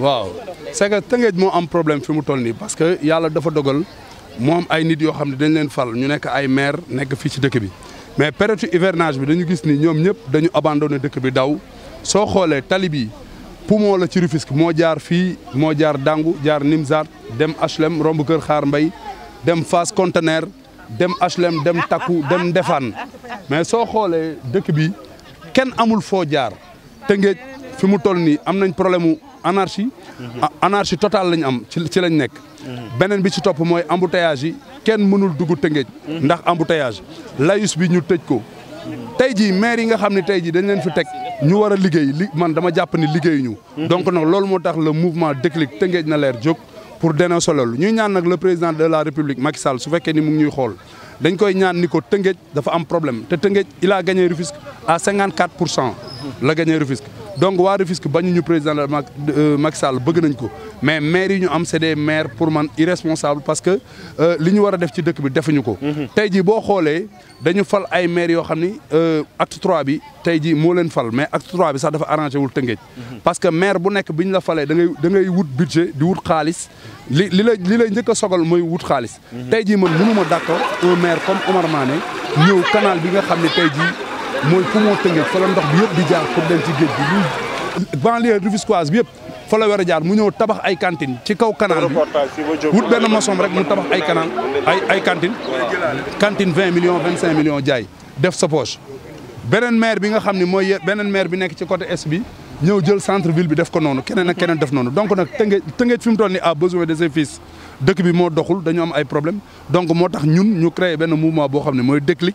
waaw c'est que Tëngéej moo am problème fi mu toll nii parce que yàlla dafa dogal moom ay nit yoo xam ne dañ leen fal ñu nekk ay maire nekk fii ci dëkk bi mais période hivernage bi dañu gis ni ñoom ñëpp dañu abandonné dëkk bi daw soo xoolee tali bi poumon la ci Rufisque moo jaar fii moo jaar Dangu jaar Nimzaat dem HLM romb Kër Xaar Mbay dem fas Conteneur dem HLM dem Takku dem defaan mais soo xoolee dëkk bi kenn amul foo jaar Tëngéej fi mu toll nii anarchie mhm. anarchie totale lañ am ci ci lañ nekk mhm. beneen bi ci topp mooy embouteillage yi kenn mënul dugg Tëngéej mhm. ndax embouteillage layus bi ñu tëj ko tey jii maire yi nga xam ne tey jii dañ leen fi teg ñu war a liggéey li man dama jàpp ni liggéeyuñu donc nag loolu moo tax le mouvement déclic Tëngéej na leer jóg pour dénoncer loolu ñuy ñaan nag le président de la république Macky Sall su fekkee ni mu ngi ñuy xool dañ koy ñaan ni ko Tëngéej dafa am problème te Tëngéej il a gagné Rufisque à 54 pour cent la gagné Rufisque donc waa Rufisque bañu ñu président euh, Macky bëgg nañ ko mais maire yi ñu am c'est des pour man irresponsable parce que euh, li ñu war a def ci dëkk bi defuñu ko. Mhm. tey jii boo xoolee dañu fal ay maires yoo xam ni euh, acte trois bi tey jii moo leen fal mais acte trois bi sax dafa arrangé wul mhm. parce que maire bu nekk bi ñu la falee da ngay da ngay wut budget di wut xaalis li li lay li lay mooy wut xaalis. Mhm. tey jii man mënu ma d'accord un Omar Mané ñëw canal bi nga xam ne tey mooy fu moo tëngee fa la ndox bi yëpp di jaar pour dem ci géej bi banlieue rufisquoise bi yëpp fa la war jaar mu ñëw tabax ay cantine ci kaw canal bi wut benn maçon rek mu tabax ay canal ay ay cantine cantine vingt millions vingt cinq jaay def sa poche beneen maire bi nga xam ni mooy beneen maire bi nekk ci côté est bi ñëw jël centre ville bi def ko noonu keneen ak keneen def noonu donc nag tëngee tëngee fi mu ni nii a besoin de dëkk bi moo doxul dañu am ay donc moo tax ñun ñu créé benn mouvement boo xam ne mooy déclic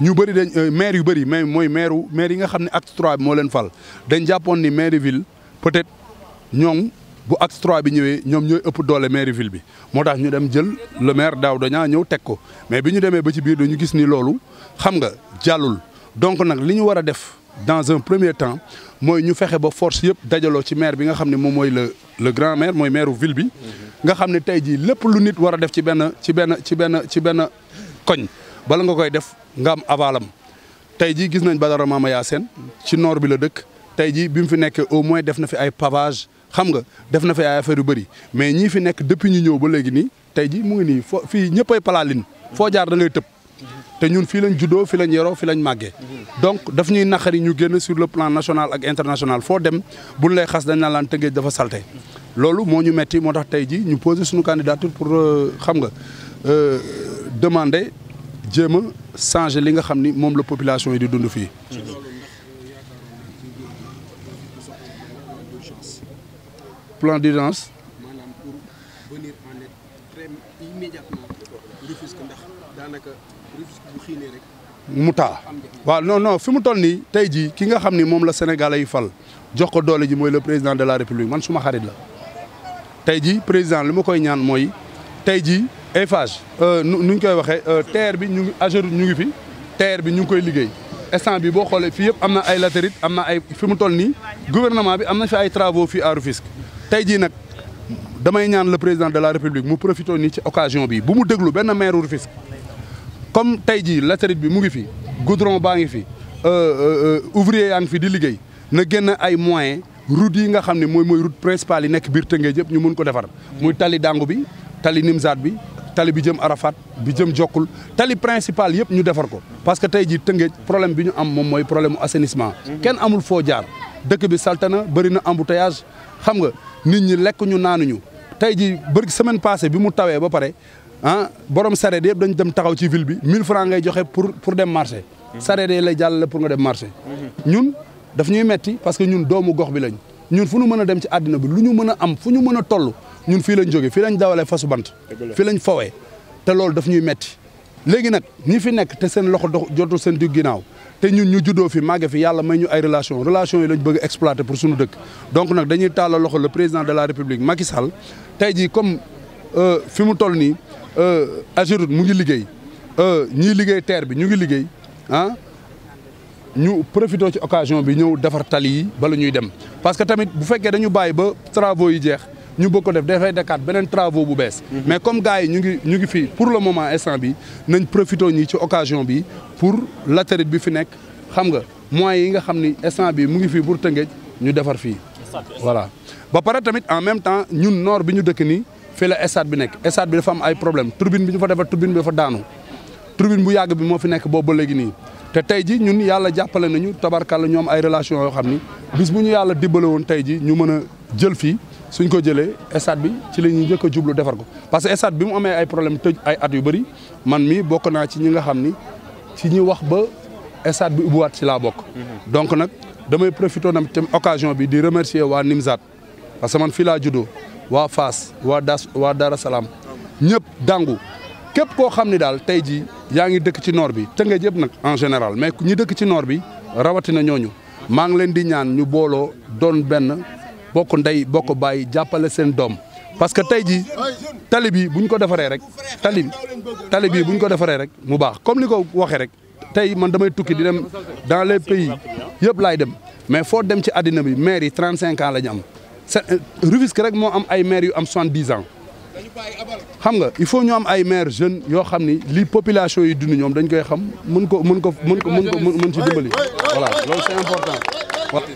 ñu bëri dañ euh, maire yu bëri mais mooy maire maire yi nga xam ne acte bi moo leen fal dañ jàppoon ni maire ville peut-être ñoom bu acte bi ñëwee ñoom ñooy ëpp doole maire ville bi moo tax ñu dem jël le maire daaw Niang ñëw teg ko mais bi ñu demee ba ci biir dañu gis nii loolu xam nga jàllul donc nag li ñu war a def dans un premier temps mooy ñu fexe ba force yëpp dajaloo ci maire bi nga xam ne moom mooy le le grand maire mooy maire ville bi nga xam ne tey jii lépp lu nit war a def ci benn ci benn ci benn ci benn koñ bala nga koy def nga am avalam tey jii gis nañ Badara Mama Yacine ci noor bi la dëkk tey jii bi mu fi nekkee au moins def na fi ay pavage xam nga def na fi ay affaire yu bëri mais ñii fi nekk depuis ñu ñëw ba léegi nii tey jii mu ngi nii foo fii ñëppay palaalin foo jaar da ngay tëb te ñun fii lañ juddoo fi lañ yoroo fi lañ màggee donc daf ñuy naqari ñu génn sur le plan national ak international foo dem buñ lay xas dañ la laan tëngéej dafa salte loolu moo ñu metti moo tax tey jii ñu posé suñu candidature pour euh, xam nga euh, demander jéem a changer li nga xam ni moom la population yi di dund fii. plan d'urgence. daanaka mu taa waaw non non fi mu toll nii tey jii ki nga xam ni moom la Sénégalais yi fal jox ko doole ji mooy le président de la république man suma xarit la tey jii président li ma koy ñaan mooy. tey jii Eiffage euh, nu ñu koy waxee euh, terre bi ñu ngi Ageroute ñu ngi fi terre bi ñu ngi koy liggéey instant bi boo xoolee fii yëpp am na ay latérite am na ay fi mu toll nii gouvernement bi am na fi ay travaux fii à Rufisque tey jii nag damay ñaan le président de la république mu profité nii ci occasion bi bu mu déglu benn maire Rufisque comme tey jii latérite bi mu ngi fi goudron baa ngi fi euh, ouvrier yaa ngi fi di liggéey na génn ay moyens route yi nga xam ne mooy mooy route principale yi nekk biir Tëngéej yëpp ñu mun ko defar muy tali dàngu bi tali Nimzaat bi tali bi jëm Arafat bi jëm Jokkul tali principal yëpp ñu defar ko parce que tey jii Tëngéej problème bi ñu am moom mooy problème mu assainissement. Mhm. kenn amul foo jaar dëkk bi salte na bëri na embouteillage xam nga nit ñi lekk ñu naanuñu tey jii bëri semaine passée bi mu tawee ba pare ah borom sareet yëpp dañ dem taxaw ci ville bi 1000 francs ngay joxe pour pour dem marché. sareet mhm. yi lay jàllale pour nga dem marché. Mhm. ñun daf ñuy metti parce que ñun doomu gox bi lañ ñun fu ñu mën a dem ci àddina bi lu ñu mën a am fu ñu mën a toll. ñun fii lañ jóge fii lañ dawalee fasu bant fi lañ fawee te loolu daf ñuy metti léegi nag ñi fi nekk te seen loxo dox jotul seen digg ginnaaw te ñun ñu juddoo fi màgge fi yàlla may ñu ay relation relation yi lañ bëgg a exploiter pour suñu dëkk donc nag dañuy tàllal loxo la président de la république Macky Sall tey jii comme euh, fi mu toll nii euh, Ageroute mu ngi liggéey euh, ñiy liggéey terre bi ñu ngi liggéey ah ñu profité ci occasion bi ñëw defar tali yi bala ñuy dem parce que tamit bu fekkee dañu bàyyi ba travaux yi jeex ñu bëgg def dafay dakaat beneen travaux bu bees mhm. mais comme gars yi ñu ngi ñu ngi fii pour le moment instant bi nañ profité ñi ci occasion bi pour latérite bi fi nekk xam nga moyens yi nga xam ni instant bi mu ngi fii pour Tëngéej ñu defar fii voilà ba pare tamit en même temps ñun noor bi ñu dëkk nii fii la stade bi nekk stade bi dafa am ay problème turbine bi ñu fa defar turbine bi dafa daanu turbine bu yàgg bi moo fi nekk boobu ba léegi nii te tey ji ñun yàlla jàppale nañu tabarkàlla ñoom ay relation yoo xam ni bis bu ñu yàlla dibbale woon tey ji ñu mën a jël fii suñ ko jëlee stade bi ci la ñuy njëkk jublu defar ko parce que stade bi mu amee ay problème tëj ay at yu bëri man mii bokk naa ci ñi nga xam ni ci ñi wax ba stade bi waat ci laa bokk. Mhm. donc nag damay profité nam tam occasion bi di remercier waa Nimzat parce que man fii laa waa Fass waa Das waa Dara Salaam ñëpp dàngu képp koo xam ni daal tey jii yaa ngi dëkk ci noor bi te nga jëpp nag en général mais ñi dëkk ci noor bi rawatina ñooñu maa ngi leen di ñaan ñu booloo doon benn. bokk ndey bokk bàyyi jàppale seen doom parce que tey ji tali bi bu ñu ko defaree rek tali bi tali bi bu ñu ko defaree rek mu baax comme ni ko waxee rek tey man damay tukki di dem dans les pays yëpp laay dem mais foo dem ci àddina bi maire yi 35 ans la ñu am euh, Rufisque rek moo am ay maire yu am 70 ans xam nga il faut ñu am ay maire jeunes yoo xam ni li population yi dund ñoom dañ koy xam mën ko mën ko mën ko mën ko mën ci dimbali voilà loolu c'est important